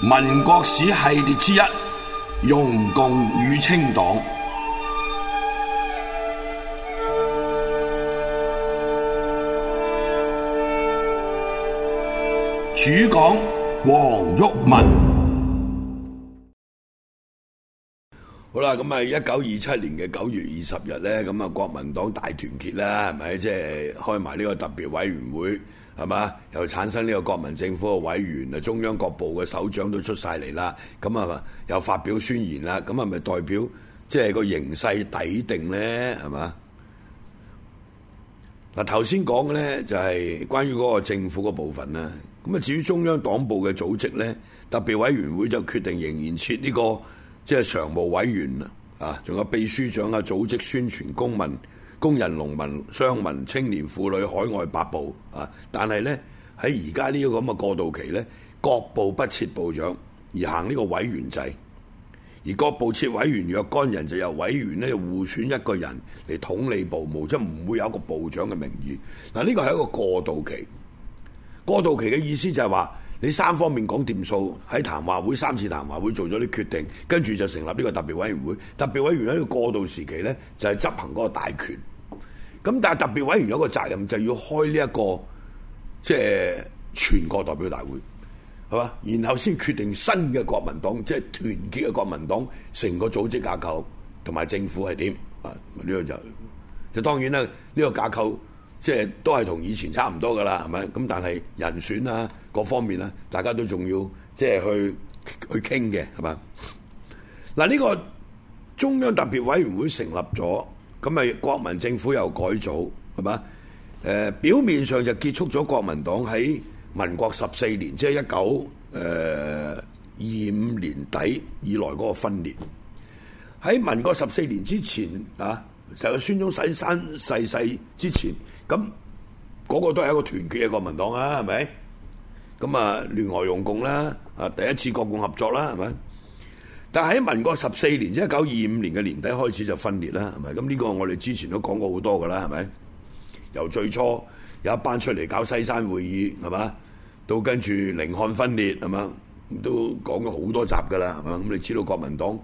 民國史系列之一：容共與清黨。主講黃毓民。好啦，咁啊，一九二七年嘅九月二十日咧，咁啊，國民黨大團結啦，係咪？即係開埋呢個特別委員會。係嘛？又產生呢個國民政府嘅委員啊，中央各部嘅首長都出晒嚟啦。咁啊，又發表宣言啦。咁係咪代表即係、就是、個形勢底定咧？係嘛？嗱，頭先講嘅咧就係關於嗰個政府嗰部分啦。咁啊，至於中央黨部嘅組織咧，特別委員會就決定仍然設呢、這個即係、就是、常務委員啦。啊，仲有秘書長啊，組織、宣傳、公民、工人、農民、商民、青年、婦女，海外八部啊！但係呢，喺而家呢個咁嘅過渡期呢，各部不設部長，而行呢個委員制，而各部設委員若干人，就由委員呢互選一個人嚟統理部務，即係唔會有一個部長嘅名義。嗱，呢個係一個過渡期。過渡期嘅意思就係話你三方面講掂數，喺談話會，三次談話會做咗啲決定，跟住就成立呢個特別委員會。特別委員喺個過渡時期呢，就係執行嗰個大權。咁但係特別委員有一個責任，就要開呢一個即係全國代表大會，係嘛？然後先決定新嘅國民黨，即係團結嘅國民黨，成個組織架構同埋政府係點啊？呢個就就當然啦，呢個架構即係都係同以前差唔多噶啦，係咪？咁但係人選啊，各方面啊，大家都仲要即係去去傾嘅，係嘛？嗱，呢個中央特別委員會成立咗。咁啊，國民政府又改組，係嘛？呃，表面上就結束咗國民黨喺民國十四年，即係一九二五年底以來嗰個分裂。喺民國十四年之前啊，就孫中山逝世之前，咁嗰個都係一個團結嘅國民黨啊，係咪？咁啊，聯俄用共啦，啊第一次國共合作啦，係咪？但喺民國十四年即一九二五年嘅年底開始就分裂啦，係咪？咁呢個我哋之前都講過好多㗎啦，係咪？由最初有一班出嚟搞西山會議，係嘛？到跟住寧漢分裂，係嘛？都講咗好多集㗎啦，係嘛？咁你知道國民黨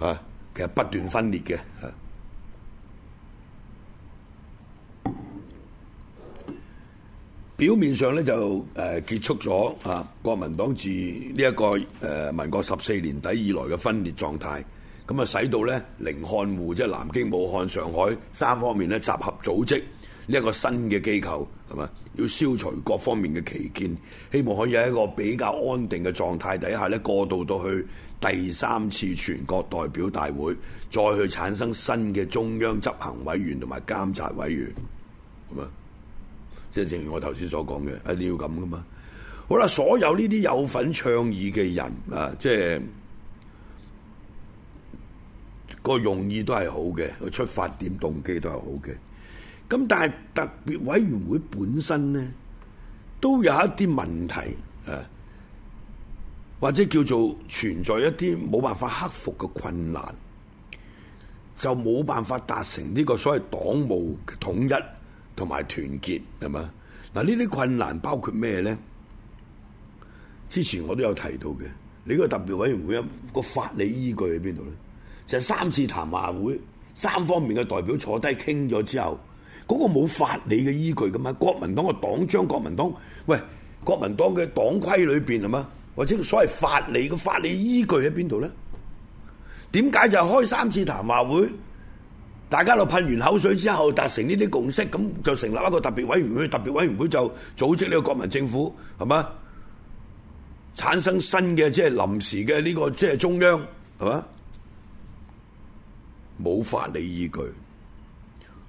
嚇其實不斷分裂嘅吓。表面上咧就結束咗啊，國民黨自呢一個民國十四年底以來嘅分裂狀態，咁啊使到咧寧漢滬，即係南京、武漢、上海三方面咧集合組織呢一個新嘅機構係嘛，要消除各方面嘅歧見，希望可以喺一個比較安定嘅狀態底下咧過渡到去第三次全國代表大會，再去產生新嘅中央執行委員同埋監察委員，即係正如我頭先所講嘅，一定要咁噶嘛。好啦，所有呢啲有份倡議嘅人啊，即係個用意都係好嘅，個出發點動機都是好的、動機都係好嘅。咁但係特別委員會本身咧，都有一啲問題，啊，或者叫做存在一啲冇辦法克服嘅困難，就冇辦法達成呢個所謂黨務嘅統一。同埋團結係嘛？嗱，呢啲困難包括咩咧？之前我都有提到嘅，你個特別委員會、嗰個法理依據喺邊度咧？就係、三次談話會，三方面嘅代表坐低傾咗之後，嗰個冇法理嘅依據㗎嘛。國民黨嘅黨章、國民黨喂國民黨嘅黨規裏邊係嘛？或者所謂法理嘅、嗰個、法理依據喺邊度咧？點解就開三次談話會？大家就噴完口水之後達成呢啲共識，咁就成立一個特別委員會。特別委員會就組織呢個國民政府，係嘛？產生新嘅即係臨時嘅呢個即係中央，係嘛？冇法理依據，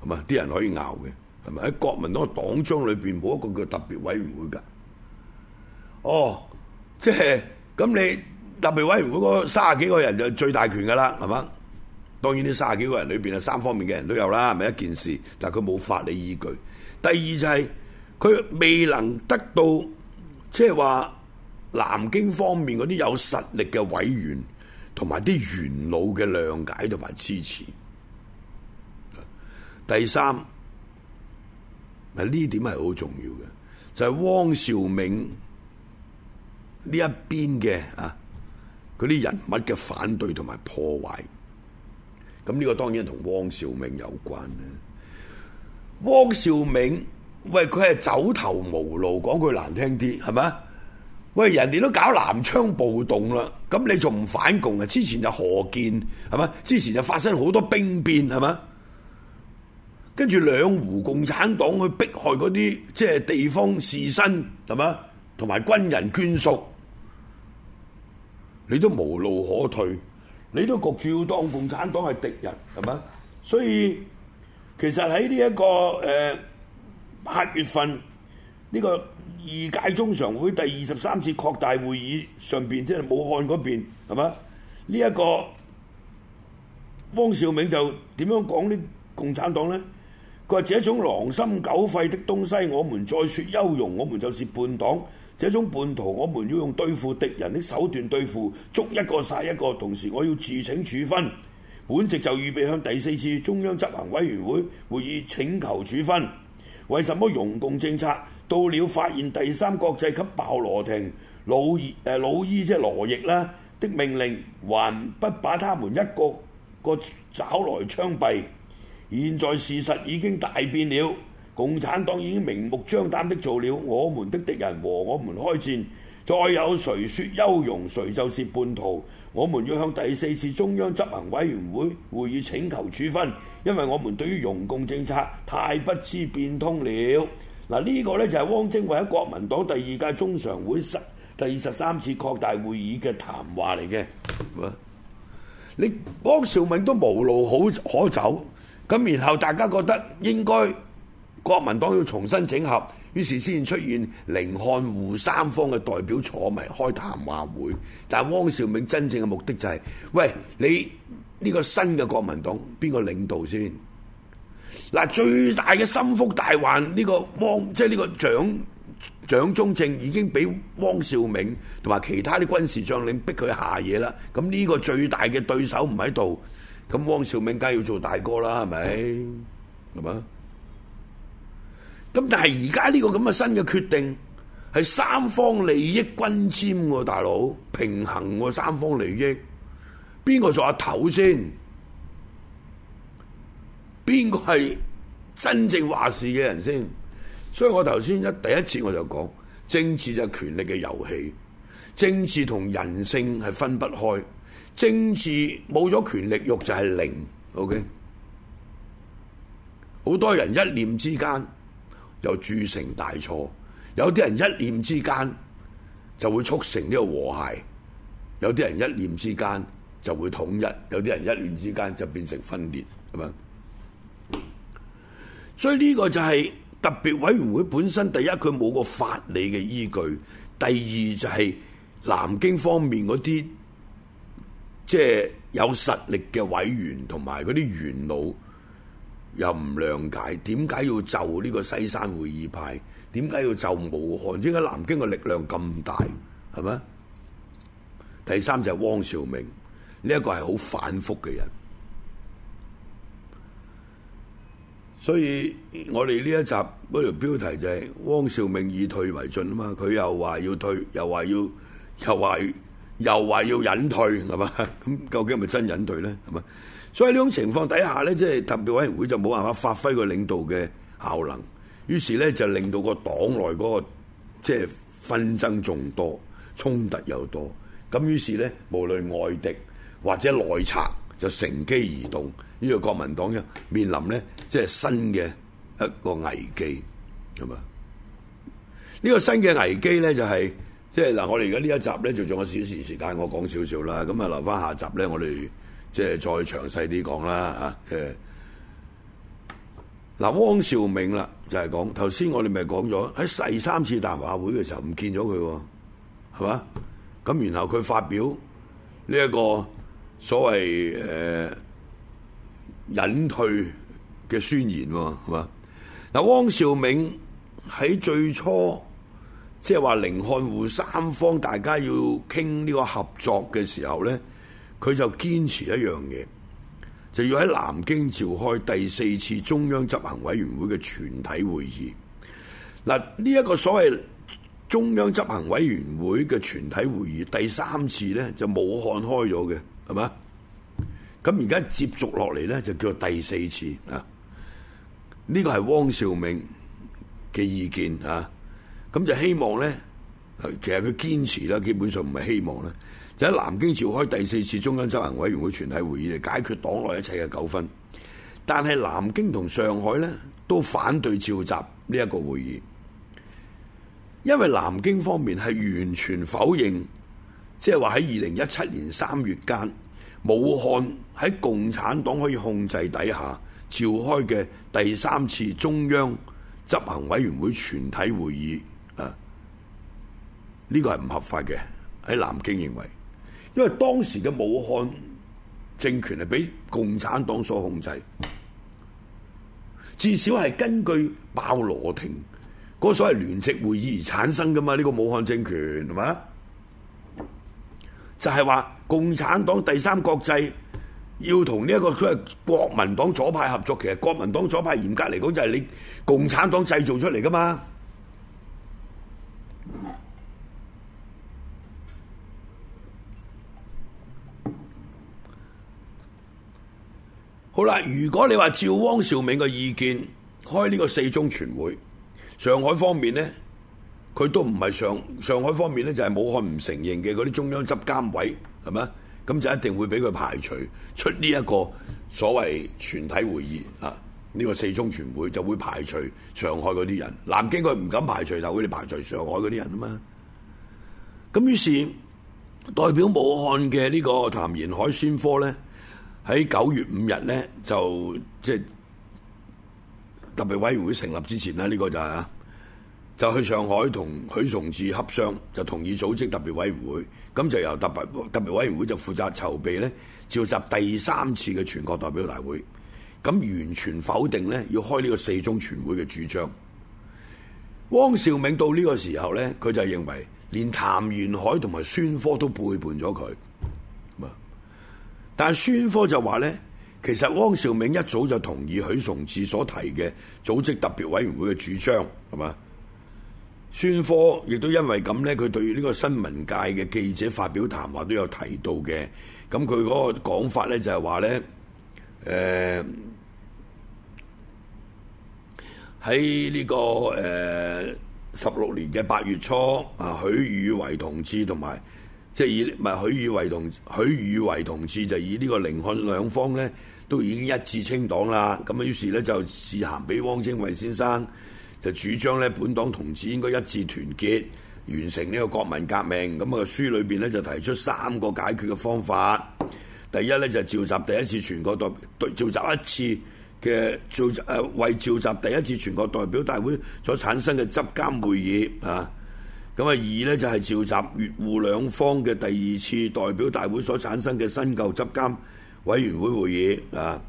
係嘛？啲人可以拗嘅，係咪喺國民黨黨章裏邊冇一個叫特別委員會㗎？哦，即係咁，你特別委員會嗰三十幾個人就最大權㗎啦，係嘛？當然，呢三十幾個人裏邊啊，三方面嘅人都有啦，係咪一件事？但係佢冇法理依據。第二就係佢未能得到，即係話南京方面嗰啲有實力嘅委員同埋啲元老嘅諒解同埋支持。第三，啊呢點係好重要嘅，就係汪兆銘呢一邊嘅啊啲人物嘅反對同埋破壞。咁、這、呢個當然同汪兆銘有關啦。汪兆銘，喂，佢係走投無路，講句難聽啲，係咪？喂，人哋都搞南昌暴動啦，咁你仲唔反共啊？之前就何鍵，係咪？之前就發生好多兵變，係咪？跟住兩湖共產黨去逼害嗰啲，即係地方士紳，係嘛？同埋軍人眷屬，你都無路可退。你都焗住要當共產黨係敵人，係咪？所以其實喺呢一個誒八月份呢個二屆中常會第二十三次擴大會議上邊，即係武漢嗰邊，係咪？呢一個汪兆銘就點樣講呢共產黨呢？佢話：這種狼心狗肺的東西，我們再説優容，我們就是叛黨。這種叛徒，我們要用對付敵人的手段對付，捉一個殺一個。同時，我要自請處分。本席就預備向第四次中央執行委員會會議請求處分。為什麼容共政策到了發現第三國際級鮑羅廷老易誒老易即係羅易啦的命令，還不把他們一個個找來槍斃？現在事實已經大變了。共產黨已經明目張膽的做了，我們的敵人和我們開戰。再有誰説優容，誰就是叛徒。我們要向第四次中央執行委員會會議請求處分，因為我們對於容共政策太不知變通了。嗱、啊，呢、這個呢就係、是、汪精衛喺國民黨第二屆中常會十第二十三次擴大會議嘅談話嚟嘅。你汪兆銘都無路好可走，咁然後大家覺得應該。國民黨要重新整合，於是先出現寧漢滬三方嘅代表坐埋開談話會。但係汪兆銘真正嘅目的就係：喂，你呢個新嘅國民黨邊個領導先？嗱，最大嘅心腹大患呢個汪，即係呢個蔣蔣中正已經俾汪兆銘同埋其他啲軍事將領逼佢下野啦。咁呢個最大嘅對手唔喺度，咁汪兆銘梗係要做大哥啦，係咪？係咪？咁但係而家呢個咁嘅新嘅決定係三方利益均沾喎，大佬平衡喎三方利益，邊個做阿頭先？邊個係真正話事嘅人先？所以我頭先一第一次我就講政治就係權力嘅遊戲，政治同人性係分不開，政治冇咗權力欲就係零。OK，好多人一念之間。又鑄成大錯，有啲人一念之間就會促成呢個和諧，有啲人一念之間就會統一，有啲人一念之間就變成分裂，係咪？所以呢個就係特別委員會本身，第一佢冇個法理嘅依據，第二就係南京方面嗰啲即係有實力嘅委員同埋嗰啲元老。又唔諒解，點解要就呢個西山會議派？點解要就武漢？點解南京嘅力量咁大？係咪？第三就係汪兆銘，呢、這、一個係好反覆嘅人。所以我哋呢一集嗰條標題就係汪兆銘以退為進啊嘛！佢又話要退，又話要，又話又話要隱退係嘛？咁究竟係咪真隱退咧？係咪？所以呢種情況底下咧，即係特別委員會就冇辦法發揮個領導嘅效能，於是咧就令到個黨內嗰個即係紛爭眾多，衝突又多。咁於是咧，無論外敵或者內賊，就乘機而動。呢個國民黨咧，面臨咧即係新嘅一個危機，係嘛？呢個新嘅危機咧，就係即係嗱，我哋而家呢一集咧，就仲有少少時間，我講少少啦。咁啊，留翻下集咧，我哋。即係再詳細啲講啦嚇，誒嗱，汪兆銘啦，就係講頭先我哋咪講咗喺第三次談話會嘅時候唔見咗佢喎，係嘛？咁然後佢發表呢一個所謂誒隱、呃、退嘅宣言喎，係嘛？嗱，汪兆銘喺最初即係話寧漢滬三方大家要傾呢個合作嘅時候咧。佢就堅持一樣嘢，就要喺南京召開第四次中央執行委員會嘅全體會議。嗱，呢一個所謂中央執行委員會嘅全體會議，第三次咧就武漢開咗嘅，係嘛？咁而家接續落嚟咧就叫做第四次啊。呢、這個係汪兆銘嘅意見啊。咁就希望咧，其實佢堅持啦，基本上唔係希望啦。喺南京召開第四次中央執行委員會全體會議嚟解決黨內一切嘅糾紛，但係南京同上海呢，都反對召集呢一個會議，因為南京方面係完全否認，即係話喺二零一七年三月間，武漢喺共產黨可以控制底下召開嘅第三次中央執行委員會全體會議，啊，呢個係唔合法嘅，喺南京認為。因為當時嘅武漢政權係俾共產黨所控制，至少係根據鮑羅廷嗰所謂聯席會議而產生噶嘛？呢個武漢政權係嘛？就係話共產黨第三國際要同呢一個佢係國民黨左派合作，其實國民黨左派嚴格嚟講就係你共產黨製造出嚟噶嘛？好啦，如果你話照汪兆銘嘅意見開呢個四中全會，上海方面呢，佢都唔係上。上海方面呢，就係武漢唔承認嘅嗰啲中央執監委係咪？咁就一定會俾佢排除出呢一個所謂全體會議啊。呢個四中全會就會排除上海嗰啲人，南京佢唔敢排除，但係佢哋排除上海嗰啲人啊嘛。咁於是代表武漢嘅呢個譚延闓宣科呢。喺九月五日呢，就即係、就是、特別委員會成立之前呢，呢、這個就係、是、啊，就去上海同許崇智洽商，就同意組織特別委員會，咁就由特別特別委員會就負責籌備呢，召集第三次嘅全國代表大會，咁完全否定呢，要開呢個四中全會嘅主張。汪兆銘到呢個時候呢，佢就認為連譚元海同埋孫科都背叛咗佢。但係孫科就話咧，其實汪兆銘一早就同意許崇智所提嘅組織特別委員會嘅主張，係嘛？孫科亦都因為咁咧，佢對呢個新聞界嘅記者發表談話都有提到嘅。咁佢嗰個講法咧就係話咧，誒喺呢個誒十六年嘅八月初啊，許汝為同志同埋。即係以咪許以為同許以為同志就以呢個寧漢兩方呢，都已經一致清黨啦。咁於是呢，就致函俾汪精衛先生，就主張呢本黨同志應該一致團結，完成呢個國民革命。咁、那、啊個書裏面呢，就提出三個解決嘅方法。第一呢，就召集第一次全國代表，召集一次嘅召誒為召集第一次全國代表大會所產生嘅執監會議啊。咁啊，二呢，就係、是、召集粵滬兩方嘅第二次代表大會所產生嘅新舊執監委員會會議啊。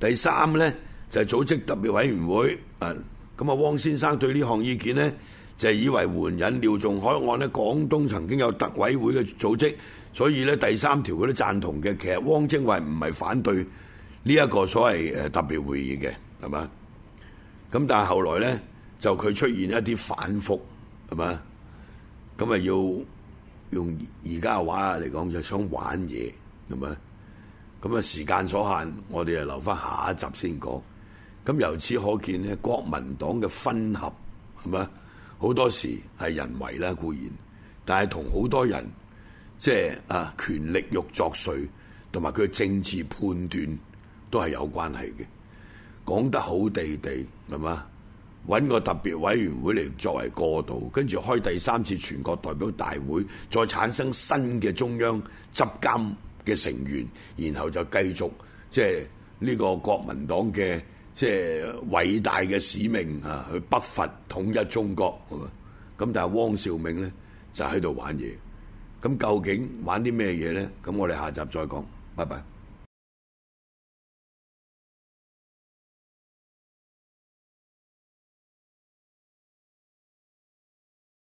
第三呢，就係、是、組織特別委員會啊。咁啊，汪先生對呢項意見呢，就係、是、以為援引廖仲愷案呢，廣東曾經有特委會嘅組織，所以呢第三條佢都贊同嘅，其實汪精衛唔係反對呢一個所謂特別會議嘅，係嘛？咁但係後來呢，就佢出現一啲反覆，係嘛？咁啊，要用而家嘅話嚟講，就係、想玩嘢，係咪？咁啊，時間所限，我哋啊留翻下，下一集先講。咁由此可見咧，國民黨嘅分合係咪？好多時係人為啦，固然，但係同好多人即係、就是、啊權力欲作祟，同埋佢嘅政治判斷都係有關係嘅。講得好地地係嘛？揾個特別委員會嚟作為過渡，跟住開第三次全國代表大會，再產生新嘅中央執監嘅成員，然後就繼續即係呢個國民黨嘅即係偉大嘅使命啊，去北伐統一中國。咁但係汪兆銘呢，就喺度玩嘢。咁究竟玩啲咩嘢呢？咁我哋下集再講。拜拜。